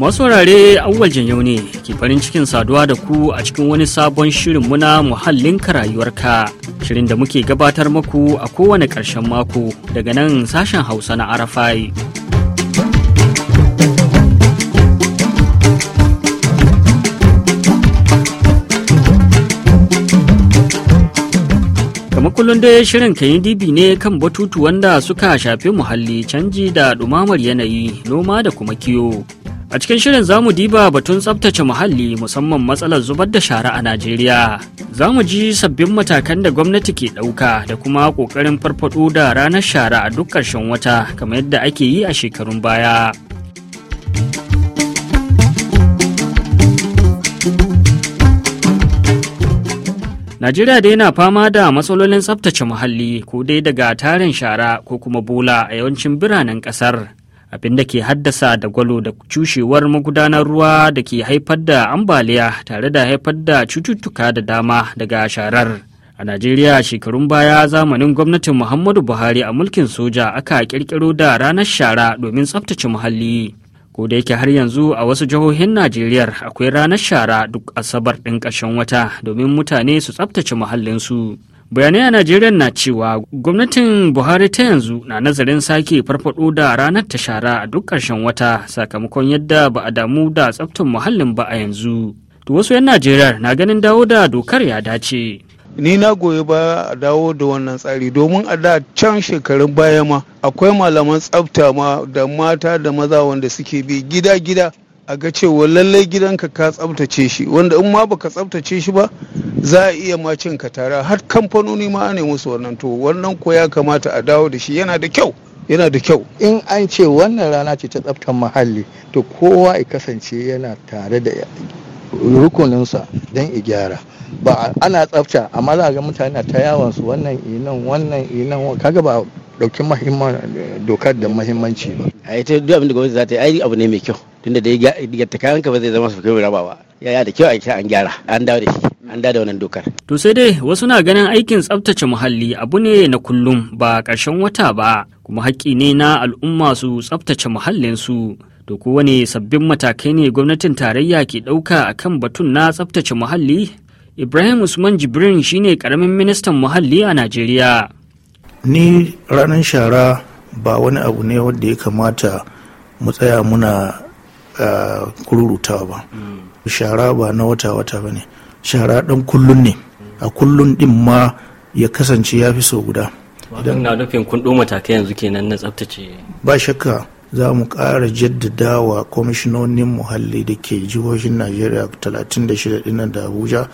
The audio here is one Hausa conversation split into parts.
Masu wurare awwal yau ne ke farin cikin saduwa da ku a cikin wani sabon shirin muna muhallin rayuwarka. Shirin da muke gabatar maku a kowane ƙarshen mako daga nan sashen Hausa na Arafai. kullum dai shirin kayi dibi ne kan batutu wanda suka shafi muhalli canji da ɗumamar yanayi noma da kuma kiwo A cikin shirin za mu diba batun tsabtace muhalli musamman matsalar zubar da shara a Najeriya. Za mu ji sabbin matakan da gwamnati ke ɗauka da kuma ƙoƙarin farfaɗo da ranar shara a duk ƙarshen wata kamar yadda ake yi a shekarun baya. Najeriya dai na fama da matsalolin tsabtace muhalli ko dai daga tarin shara ko kuma bola a yawancin biranen ƙasar. Abin da ke haddasa da gwalo da cushewar magudanar ruwa da ke haifar da ambaliya tare da haifar da cututtuka da dama daga sharar. A Najeriya shekarun baya zamanin gwamnatin Muhammadu Buhari a mulkin soja aka kirkiro da ranar shara domin tsaftace muhalli. Ko da yake har yanzu a wasu jihohin Najeriya akwai ranar shara duk asabar ɗin ƙarshen wata domin mutane su tsaftace muhallinsu. bayanai a najeriya na cewa gwamnatin buhari ta yanzu na nazarin sake farfado da ranar ta shara a duk ƙarshen wata sakamakon yadda ba a damu da tsaftar muhallin ba a yanzu to wasu 'yan najeriya na ganin dawo da dokar ya dace ni na goyi ba a dawo da wannan tsari domin a da can shekarun baya ma akwai malaman tsafta ma da mata da maza wanda suke bi gida gida a ga cewa lallai gidanka ka tsaftace shi wanda in ma baka tsaftace shi ba za a iya ma cin katara har kamfanoni ma ne musu wannan to wannan ko ya kamata a dawo da shi yana da kyau yana da kyau in an ce wannan rana ce ta tsaftar muhalli to kowa ya kasance yana tare da rukuninsa don i gyara ba ana tsafta amma za a ga mutane na ta yawon su wannan inan wannan inan kaga ba dauki dokar da mahimmanci ba a yi duk abin da gwamnati za ta yi abu ne mai kyau tunda da ya ta kayan ka ba zai zama su kai raba ba yaya da kyau a an gyara an dawo da shi an dawo da wannan dokar. To sai dai wasu na ganin aikin tsaftace muhalli abu ne na kullum ba ƙarshen wata ba kuma haƙƙi ne na al'umma su tsabtace muhallinsu. To ko wane sabbin matakai ne gwamnatin tarayya ke ɗauka a kan batun na tsaftace muhalli? Ibrahim Usman Jibrin shine ƙaramin ministan muhalli a Najeriya. Ni ranar shara ba wani abu ne wanda ya kamata mu tsaya muna ah, kururutawa ba. Hmm. shara ba na wata-wata ba ne shara ɗan kullun ne a kullun ɗin ma ya kasance ya fi sau guda idan na nufin kun matakai yanzu kenan na tsaftace ba shakka za mu ƙara jaddadawa kwamishinonin muhalli da ke jihohin najeriya 36 dinar da abuja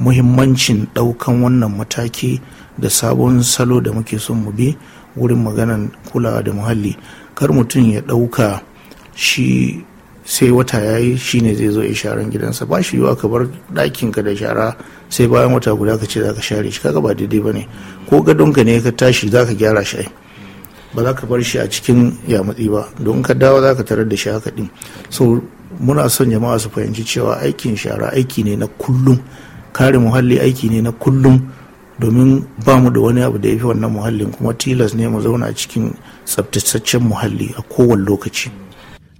muhimmancin ɗaukan wannan mataki da sabon salo da muke son mu bi wurin maganan kulawa da muhalli kar mutum ya ɗauka shi sai wata ya yi shi ne zai zo ya sharan gidansa ba shi yiwa ka bar ɗakin ka da shara sai bayan wata guda ka ce za ka share shi kaga ba daidai ba ne ko gadonka ne ka tashi za ka gyara shi ba za ka bar shi a cikin yamutsi ba don ka dawo za ka tarar da shi haka din so muna son jama'a su fahimci cewa aikin shara aiki ne na kullum kare muhalli aiki ne na kullum domin ba mu da wani abu da ya fi wannan muhallin kuma tilas ne mu zauna cikin tsabtataccen muhalli a kowane lokaci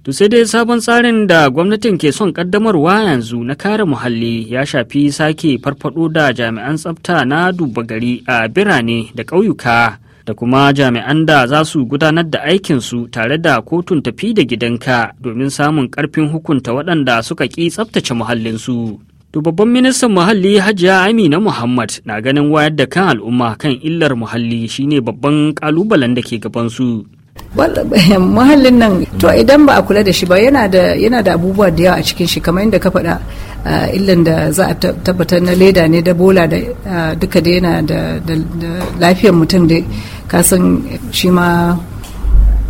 To sai dai sabon tsarin da gwamnatin ke son kaddamarwa yanzu na kare muhalli ya shafi sake farfado da jami'an tsafta na duba gari a birane da ƙauyuka da kuma jami'an da za su gudanar da aikinsu tare da kotun tafi da gidanka domin samun ƙarfin hukunta waɗanda suka ƙi tsaftace muhallinsu. To babban ministan muhalli Hajiya Amina Muhammad na ganin wayar da kan al'umma kan illar muhalli shine babban ƙalubalen da ke gabansu. muhallin nan to idan ba a kula da shi ba yana da yana da abubuwa da yawa a cikin shi kamar yadda ka faɗa uh, illan da za a tabbatar na leda ne da bola da uh, duka da yana da lafiyar mutum da kasan shi ma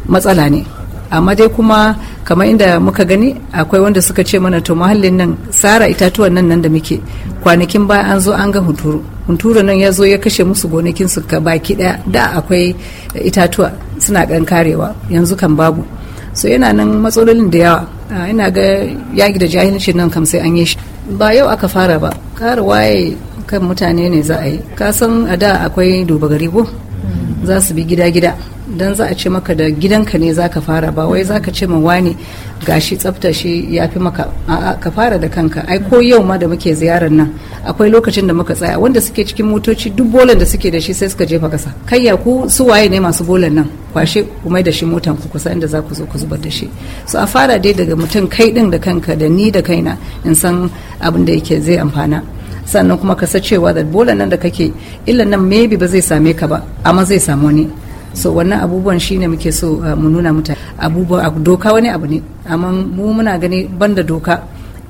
matsala ne amma dai kuma kamar inda muka gani akwai wanda suka ce mana to muhallin nan tsara itatuwan nan nan da muke kwanakin baya an zo an ga hunturu hunturu nan ya zo ya kashe musu gonakin su ka baki daya da akwai itatuwa suna kan karewa yanzu kan babu so yana nan matsalolin da yawa ah, ina ga yaki da jahilci nan kam sai an yi shi ba yau aka fara ba kara waye kan mutane ne za a yi kasan a da akwai duba gari ko za su bi gida-gida dan za a ce maka da gidanka ne za ka fara ba wai za ka ce ma wani gashi tsafta shi fi maka a'a ka fara da kanka ai ko yau ma da muke ziyarar nan akwai lokacin da muka tsaya wanda suke cikin motoci duk bolan da suke da shi sai suka jefa kasa kayya ku su waye ne masu bolan nan kwashe ku mai da shi motan ku kusa inda za ku zo ku zubar da shi so a fara dai daga mutum kai din da kanka da ni da kaina in san abin da yake zai amfana sannan kuma ka cewa da bolan nan da kake illan nan maybe ba zai same ka ba amma zai samu ni. so wannan abubuwan shine muke so uh, mu nuna mutane abubuwan doka wani abu ne amma mu muna gani banda doka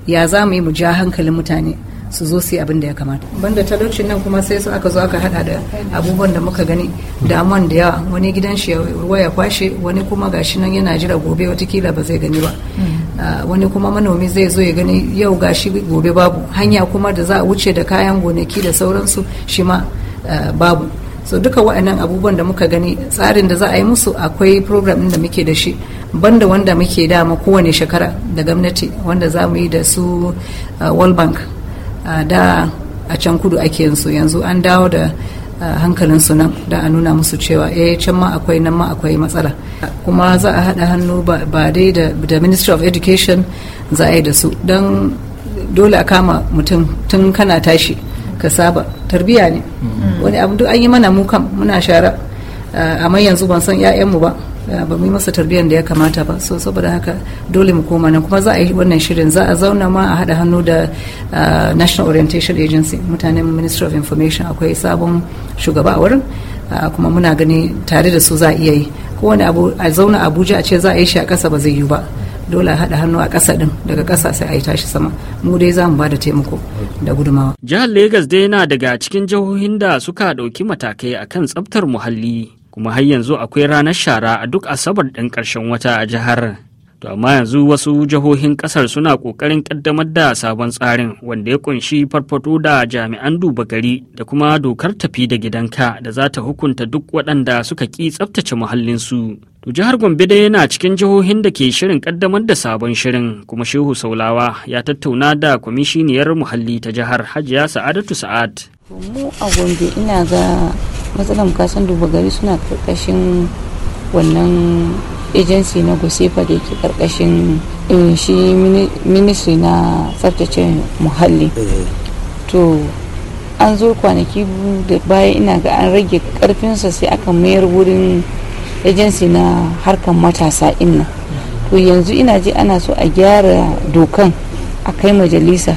ya za mu yi mu ja hankalin mutane su zo su yi abin da ya kamata banda talocin nan kuma sai su aka zo aka hada da abubuwan da muka gani damuwan da yawa wani gidan shi ruwa ya kwashe wani kuma gashi nan yana jira gobe watakila ba zai gani ba hmm. uh, wani kuma manomi zai zo ya gani yau gashi gobe babu hanya kuma da za a wuce da kayan gonaki da sauransu shi ma uh, babu so duka wa'annan abubuwan da muka gani tsarin da za a yi musu akwai program da muke da shi banda wanda muke dama kowane shekara da gwamnati wanda za mu yi da su uh, world bank uh, da a can kudu ake yanzu yanzu an dawo da uh, hankalin su nan da a nuna musu cewa eh can ma akwai nan ma akwai matsala kuma za a haɗa hannu ba dai da, da ministry of education za a yi da su don dole a kama mutum tun kana tashi ka saba tarbiya ne wani abu duk an yi mana mu kan muna shara ah, amma yanzu ban san mu ba ah, ba mu yi masa tarbiyyar da ya kamata ba so saboda haka dole mu koma nan kuma za a yi wannan shirin za a zauna ma a haɗa hannu da ah, national orientation agency mutanen ministry of information akwai sabon shugaba a wurin kuma muna gani tare da su za a iya yi kowane abu a zauna abuja a ce za a yi shi a ƙasa ba zai yi ba dole a haɗa hannu a ƙasa ɗin daga ƙasa sai a yi tashi sama mu dai za mu ba da taimako da gudumawa. jihar Legas dai yana daga cikin jihohin da suka ɗauki matakai akan tsaftar muhalli kuma har yanzu akwai ranar shara a duk asabar ɗin ƙarshen wata a jihar. To amma yanzu wasu jihohin kasar suna kokarin kaddamar da sabon tsarin wanda ya kunshi farfato da jami'an duba gari da kuma dokar tafi da gidanka da za ta hukunta duk waɗanda suka ƙi tsaftace muhallinsu. To jihar Gombe dai yana cikin jihohin da ke shirin kaddamar da sabon shirin kuma Shehu Saulawa ya tattauna da kwamishiniyar muhalli ta jihar Hajiya Sa'adatu Sa'ad. Mu a Gombe ina ga matsalar kasan duba gari suna ƙarƙashin wannan agency na gusifa da ke karkashin eh, shi ministry na tsaftace muhalli eh. to an zo kwanaki da bayan ina ga an rage karfinsa sai aka mayar wurin agency na harkar matasa inna to yanzu ina ji ana so a gyara dokan a kai majalisa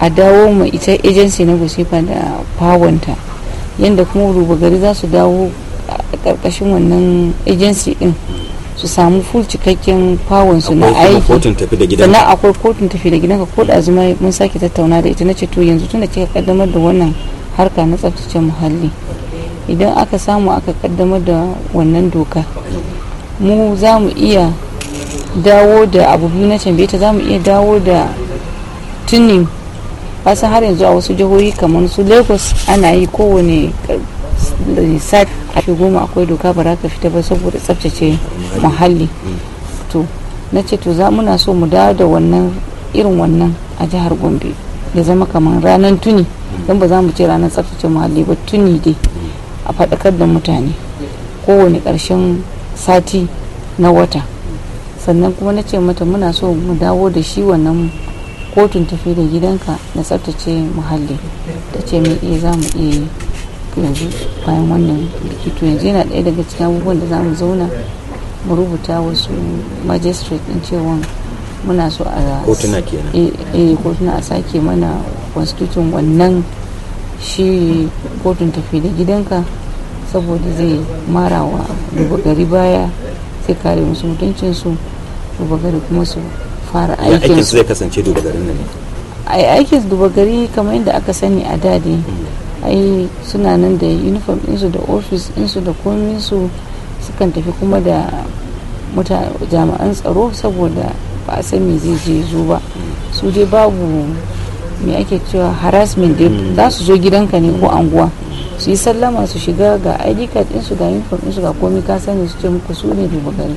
a dawo ma ita agency na gusifa da pawanta yadda kuma gari za su dawo a karkashin wannan agency din su samu full cikakken pawon su na aiki sannan akwai kotun tafi da gidanka ko da zuma mun sake tattauna da ita na ce to yanzu tunda kika kaddamar da wannan harka na tsaftace muhalli idan aka samu aka kaddamar da wannan doka mu za mu iya dawo da abu biyu na tambaye ta za mu iya dawo da tunin basa har yanzu a wasu jihohi kamar su lagos ana yi kowane sati a goma akwai doka ba za ka fita ba saboda tsabtace muhalli to na ce to za muna so mu dawo da wannan irin wannan a jihar gombe ya zama kamar ranar tuni don ba za mu ce ranar tsabtace muhalli ba tuni dai a faɗakar da mutane kowane ƙarshen sati na wata sannan kuma na ce mata muna so mu dawo da shi wannan kotun tafi da gidanka na tsabtace muhalli ta ce mai iya eh, za mu iya yi yanzu bayan wannan likito yanzu yana ɗaya daga cikin abubuwan da za mu zauna mu rubuta wasu magistrate ɗin cewa muna so a kotuna kenan eh, eh kotuna a sake mana constitution wannan shi kotun tafi da gidanka saboda zai marawa duba gari baya sai kare musu mutuncinsu duba gari kuma su fara aikin su zai kasance duba garin nan ne aikin duba gari kamar yadda aka sani a dade ai suna nan da uniform ɗinsu da ofis insu da kominsu sukan tafi kuma da jami'an tsaro saboda ba a san me zai je zo ba su dai babu me ake cewa harassment dai hmm. za su zo gidanka ne ko anguwa su yi sallama su shiga ga id card su ga uniform su ga komi ka sani su ce muku su ne duba gari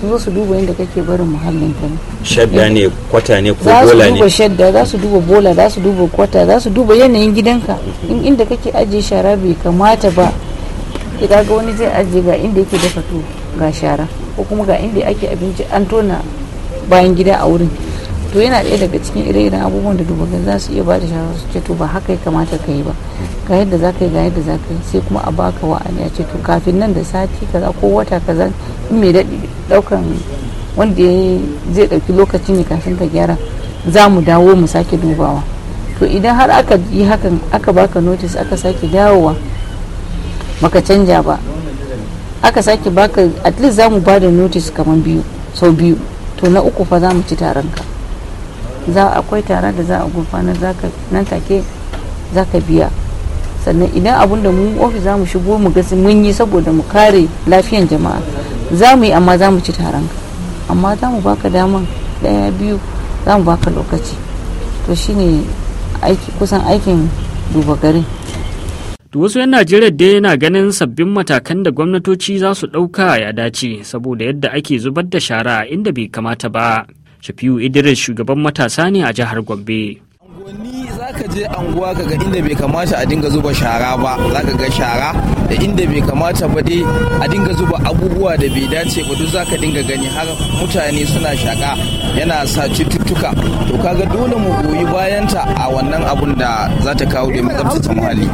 su zo su duba yadda kake barin muhallin ka ne shadda ne kwata ne ko bola ne za su duba shadda za su duba bola za su duba kwata za su duba yanayin gidanka in inda kake ajiye shara bai kamata ba ki ga wani zai ajiye ga inda yake dafa to ga shara ko kuma ga inda ake abinci an tona bayan gida a wurin to yana ɗaya daga cikin ire-iren abubuwan da dubagin za su iya ba da shawarar su ce to ba haka ya kamata ka yi ba ga yadda za ka yi ga yadda za ka yi sai kuma a baka wa'ani a ce to kafin nan da sati kaza ko wata kaza in mai daɗi ɗaukan wanda ya zai ɗauki lokaci ne kafin ka gyara za mu dawo mu sake dubawa to idan har aka yi hakan aka baka notice aka sake dawowa baka canja ba aka sake baka at least za mu ba da notice kamar biyu sau biyu to na uku fa za mu ci taron ka za akwai tara da za a gurfanar nan take za ka biya sannan idan abun da mu ofis za mu shigo mu gasi mun yi saboda mu kare lafiyan jama'a za mu yi amma za mu ci taron ka amma za mu baka daman daya biyu za mu baka lokaci to shine aiki kusan aikin duba garin wasu 'yan Najeriya dai yana ganin sabbin matakan da gwamnatoci za su ɗauka ya dace saboda yadda ake zubar da shara inda bai kamata ba Shafiu Idris shugaban matasa ne a jihar Gombe. gwani za ka je anguwa ka ga inda bai kamata a dinga zuba shara ba za ka ga shara da inda bai kamata ba dai a dinga zuba abubuwa da bai dace ba duk za ka dinga gani har mutane suna shaka yana sa cututtuka to kaga dole mu goyi bayanta a wannan abun da za ta kawo domin tsabtace muhalli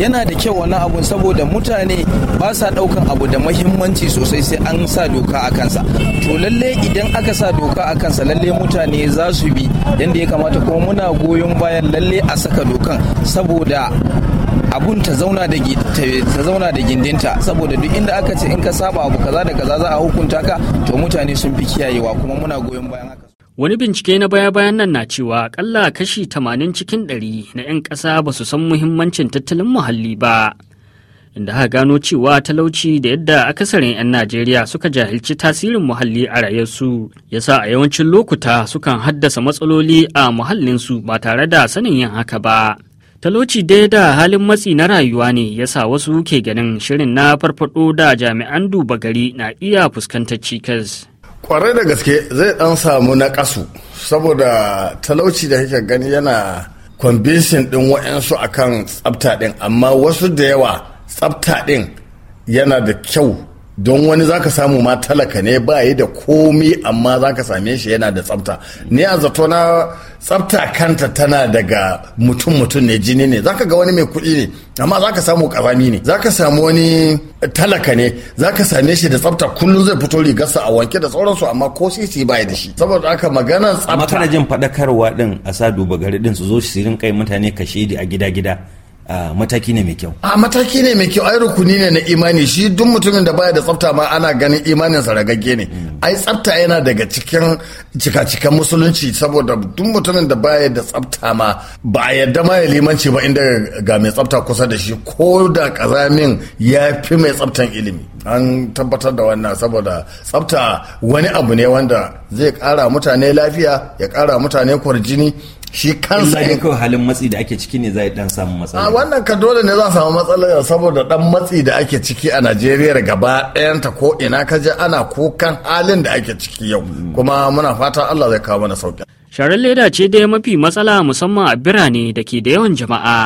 yana da kyau wannan abun saboda mutane ba sa daukan abu da mahimmanci sosai sai an sa doka a kansa to lallai idan aka sa doka a kansa lalle mutane za su bi yanda ya kamata kuma muna goyon goyon bayan lalle a saka dokan saboda abun ta zauna da ta zauna da gindinta saboda duk inda aka ce in ka saba abu kaza da kaza za a hukunta ka to mutane sun fi kiyayewa kuma muna goyon bayan haka Wani bincike na baya-bayan nan na cewa akalla kashi 80 cikin 100 na 'yan ƙasa ba su san muhimmancin tattalin muhalli ba, inda aka gano cewa talauci da yadda akasarin 'yan Najeriya suka jahilci tasirin muhalli a rayuwarsu yasa a yawancin lokuta sukan haddasa matsaloli a muhallinsu ba tare da sanin yin haka ba. Talauci dai da halin matsi na rayuwa ne yasa wasu ke ganin shirin na farfado da jami'an duba gari na iya fuskantar cikas. Kwarai da gaske zai dan samu na kasu saboda talauci da kake gani yana kwambisin din wa'yansu akan tsafta din amma wasu da yawa tsafta ɗin yana da kyau don wani zaka samu ma talaka ne ba yi da komi amma zaka same shi yana da tsafta ni a zato na tsafta kanta tana daga mutum mutum ne jini ne zaka ga wani mai kuɗi ne amma zaka samu karami ne zaka samu wani talaka ne zaka same shi da tsafta kullum zai fito rigarsa a wanke da sauransu amma ko sisi ba da shi saboda haka magana tsafta amma kana jin faɗakarwa din a sa duba gari din su zo su rinka kai mutane kashedi a gida gida A ah, mataki ne mai kyau. A mataki ne mai kyau ai rukuni ne na imani shi duk mutumin da baya da tsafta ma ana ganin imanin ragagge ne. Hmm. Ai tsafta yana daga cikin cika-cikan musulunci saboda duk mutumin da baya da tsafta ma ba a yarda ma ya limanci ba inda ga mai tsafta kusa da shi ko da kazamin ya fi mai tsaftan ilimi. An tabbatar da wannan saboda tsafta wani abu ne wanda zai kara mutane lafiya ya kara mutane kwarjini shi kansa ne kawai halin matsi da ake ciki ne zai dan samu matsala a wannan ka dole ne za samu matsala saboda dan matsi da ake ciki a Najeriya gaba ɗayan ta, ko ina ka je ana kukan halin da ake ciki yau kuma muna fata Allah zai kawo mana sauki sharar leda ce dai mafi matsala musamman a birane da ke da yawan jama'a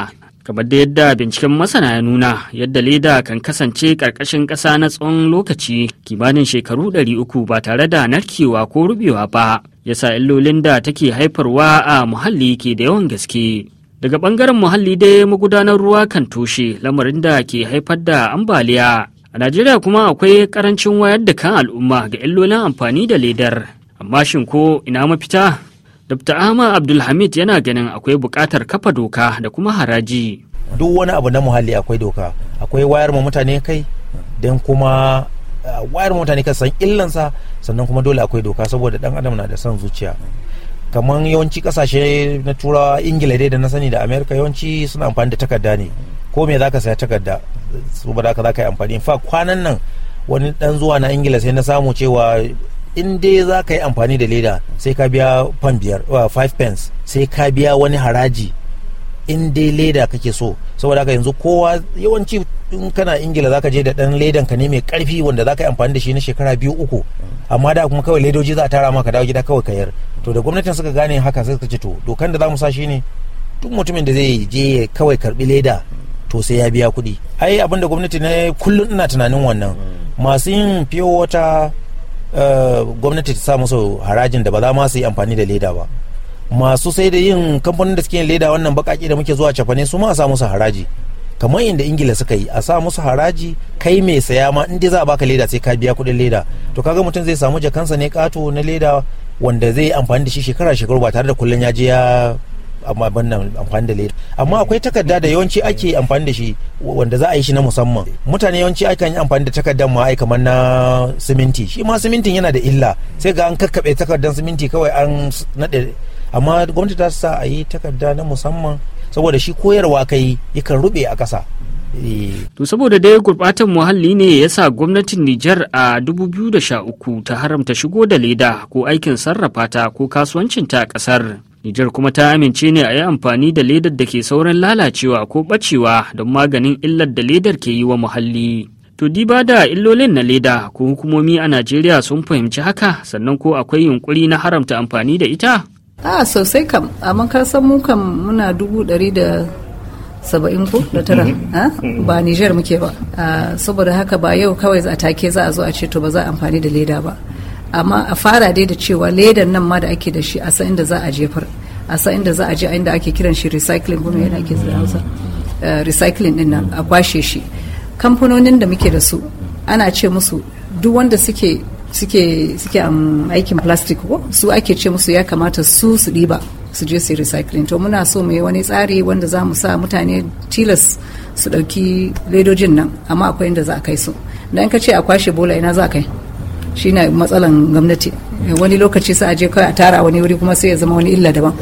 kamar da yadda binciken masana ya nuna yadda leda kan kasance karkashin ƙasa na tsawon lokaci kimanin shekaru 300 ba tare da narkewa ko rubewa ba yasa illolin da take haifarwa a muhalli ke da yawan gaske daga bangaren muhalli dai magudanar ruwa kan toshe lamarin da ke haifar da ambaliya a najeriya kuma akwai karancin wayar da kan al'umma ga illolin amfani da ledar amma shin ko ina mafita dr ahmad abdulhamid yana ganin akwai bukatar kafa doka da kuma haraji duk wani abu na muhalli akwai doka akwai wayar mutane kai don kuma eh, wayar mutane kan san illansa sannan kuma dole akwai doka saboda dan adam na da son zuciya kamar yawanci kasashe na turawa ingila dai da na sani da amerika yawanci suna amfani da takarda ne ko me zaka saya takarda saboda za zaka yi amfani fa kwanan nan wani dan zuwa na ingila sai na samu cewa in dai za ka yi amfani da leda sai ka biya biyar 5 pence sai ka biya wani haraji in dai leda kake so saboda haka yanzu kowa yawanci in kana ingila zaka je da dan ledan ka ne mai karfi wanda zaka yi amfani da shi na shekara biyu uku amma da kuma kawai ledoji za a tara maka dawo gida kawai kayar to da gwamnatin suka gane haka sai suka ce to dokan da zamu sa shi ne duk mutumin da zai je kawai karbi leda to sai ya biya kuɗi ai abinda gwamnati na kullum ina tunanin wannan masu yin fiyo wata eh, gwamnati ta sa musu harajin da ba za ma su yi amfani da leda ba masu sai da yin kamfanin da suke leda wannan bakaki da muke zuwa cafane su ma a sa musu haraji kamar inda ingila suka yi a sa musu haraji kai mai saya ma in dai za a baka leda sai ka biya kuɗin leda to kaga mutum zai samu jakansa ne kato na leda wanda zai amfani da shi shekara shekaru ba tare da kullum ya je ya amfani da leda amma akwai takarda da yawanci ake amfani da shi wanda za a yi shi na musamman mutane yawanci akan yi amfani da takardar ma kamar na siminti shi ma simintin yana da illa sai ga an kakkaɓe takardar siminti kawai an naɗe amma gwamnati ta sa a yi takarda na musamman saboda shi koyarwa kai yakan rube a ƙasa eh. To saboda dai gurɓatan muhalli ne ya sa gwamnatin Nijar a 2013 ta haramta shigo da leda ko aikin sarrafa ta ko kasuwancin ta ƙasar. Nijar kuma ta amince ne a yi amfani da ledar da ke sauran lalacewa ko ɓacewa don maganin illar da ledar ke yi wa muhalli. To diba da illolin na leda ko hukumomi a Najeriya sun fahimci haka sannan ko akwai yunkuri na haramta amfani da ita? a ah, sosai kam amma ka san muna dubu ɗari da saba'in ko da tara mhm. Mhm. ba niger muke ba ah, saboda haka ba yau kawai a take za a zo a ce to ba za a amfani da leda ba amma a fara dai da cewa ledan nan ma da ake da shi a san inda za a jefar a san inda za a je inda ake kiran shi recycling kuma yana ake eh, recycling din nan a kwashe shi kamfanonin da muke da su ana ce musu duk wanda suke suke suke um, aikin plastic ko su ake ce musu ya kamata su su ɗiba su je su recycling to muna so mu wani tsari wanda za mu sa mutane tilas su ɗauki ledojin nan amma akwai inda za a kai su dan ka ce a kwashe bola ina za a kai shi na matsalan gwamnati wani lokaci sai a je kai a tara wani wuri kuma sai ya zama wani illa daban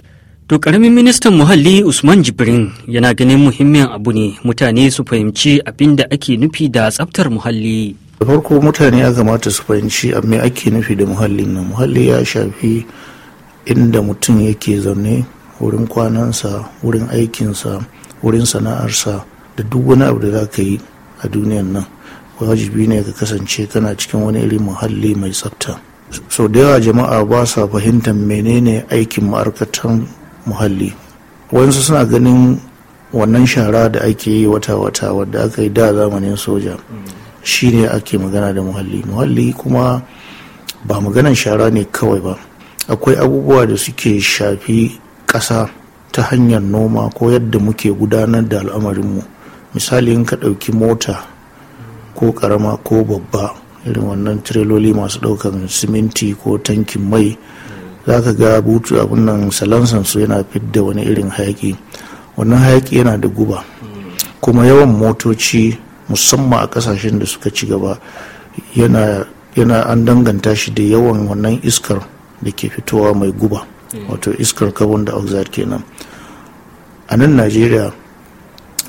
To karamin ministan muhalli Usman Jibrin yana ganin muhimmin abu ne mutane su fahimci abin da ake nufi da tsaftar muhalli. da farko mutane ya kamata su fahimci me ake nufi da muhalli na muhalli ya shafi inda mutum yake zaune wurin kwanansa wurin aikinsa wurin sana'arsa da duk wani abu da za ka yi a duniyan nan wajibi ne ka kasance kana cikin wani irin muhalli mai tsafta so da yawa jama'a ba sa fahimtar menene aikin ma'aikatan muhalli wayansu suna ganin wannan shara da ake yi wata-wata wadda aka yi da zamanin soja shi ne ake magana da muhalli muhalli kuma ba maganan shara ne kawai ba akwai abubuwa da suke shafi ƙasa ta hanyar noma ko yadda muke gudanar da al'amarinmu misali in ka ɗauki mota ko ƙarama ko babba irin wannan tireloli masu ɗaukar siminti ko tankin mai za ka ga butu abin nan salansansu yana fidda wani irin hayaƙi wannan hayaƙi yana da guba kuma yawan motoci musamman a kasashen da suka ci gaba yana an danganta shi da yawan wannan iskar da ke fitowa mai guba wato iskar carbon dioxide kenan a nan najeriya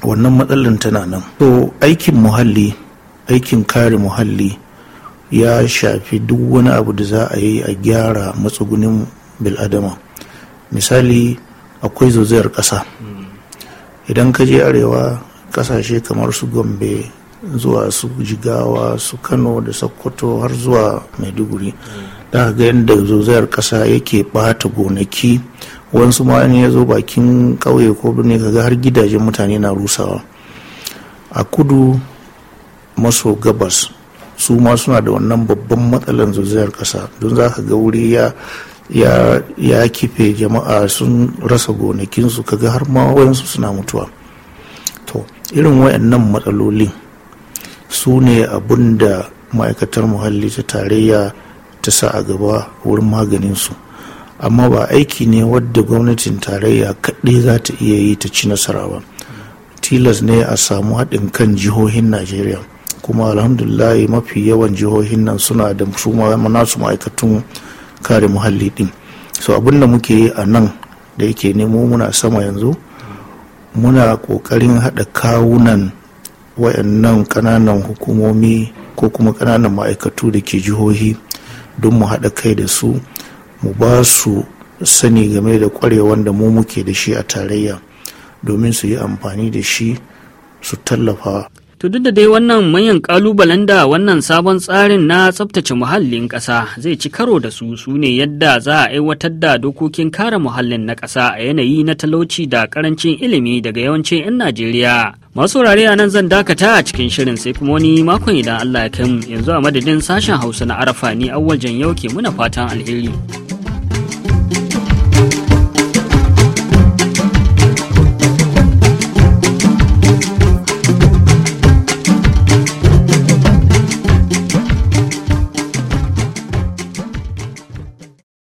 wannan matsalar tana nan to aikin muhalli aikin kare muhalli ya shafi duk wani abu da za a yi a gyara matsugunin biladama misali akwai zozayar ƙasa idan ka je arewa kasashe kamar su gombe zuwa su jigawa su kano da sokoto har zuwa maiduguri da ga yadda zozayar kasa yake bata gonaki wasu ma ne ya zo bakin ƙauye ko birni kaga har gidajen mutane na rusawa a kudu maso gabas su ma suna da wannan babban matsalan zozayar kasa don za ka ga wuri ya ya, ya kife jama'a sun rasa gonakinsu kaga har ma wayansu suna mutuwa irin wayannan matsalolin su ne abin da ma'aikatar muhalli ta tarayya ta sa a gaba wurin maganinsu amma ba aiki ne wadda gwamnatin tarayya kaɗai za ta iya yi ta ci nasara ba tilas ne a samu haɗin kan jihohin najeriya kuma alhamdulillah mafi yawan jihohin nan suna da su nasu ma'aikatun kare muhalli ɗin so abin da muke yi a nan da yake nemo muna sama yanzu muna ƙoƙarin haɗa kawunan wayannan ƙananan hukumomi ko kuma ƙananan ma'aikatu da ke jihohi don mu haɗa kai da su mu ba su sani game da ƙwarewan da mu muke da shi a tarayya domin su yi amfani da shi su tallafa To duk da dai wannan manyan kalubalen da wannan sabon tsarin na tsabtace muhallin ƙasa zai ci karo da su su ne yadda za a aiwatar da dokokin kare muhallin na ƙasa a yanayi na talauci da ƙarancin ilimi daga yawancin 'yan Najeriya. Masu wurare a nan zan dakata a cikin shirin sai kuma wani makon idan Allah ya kai mu yanzu a madadin sashen Hausa na Arafa ni awwal Janyau yau ke muna fatan alheri.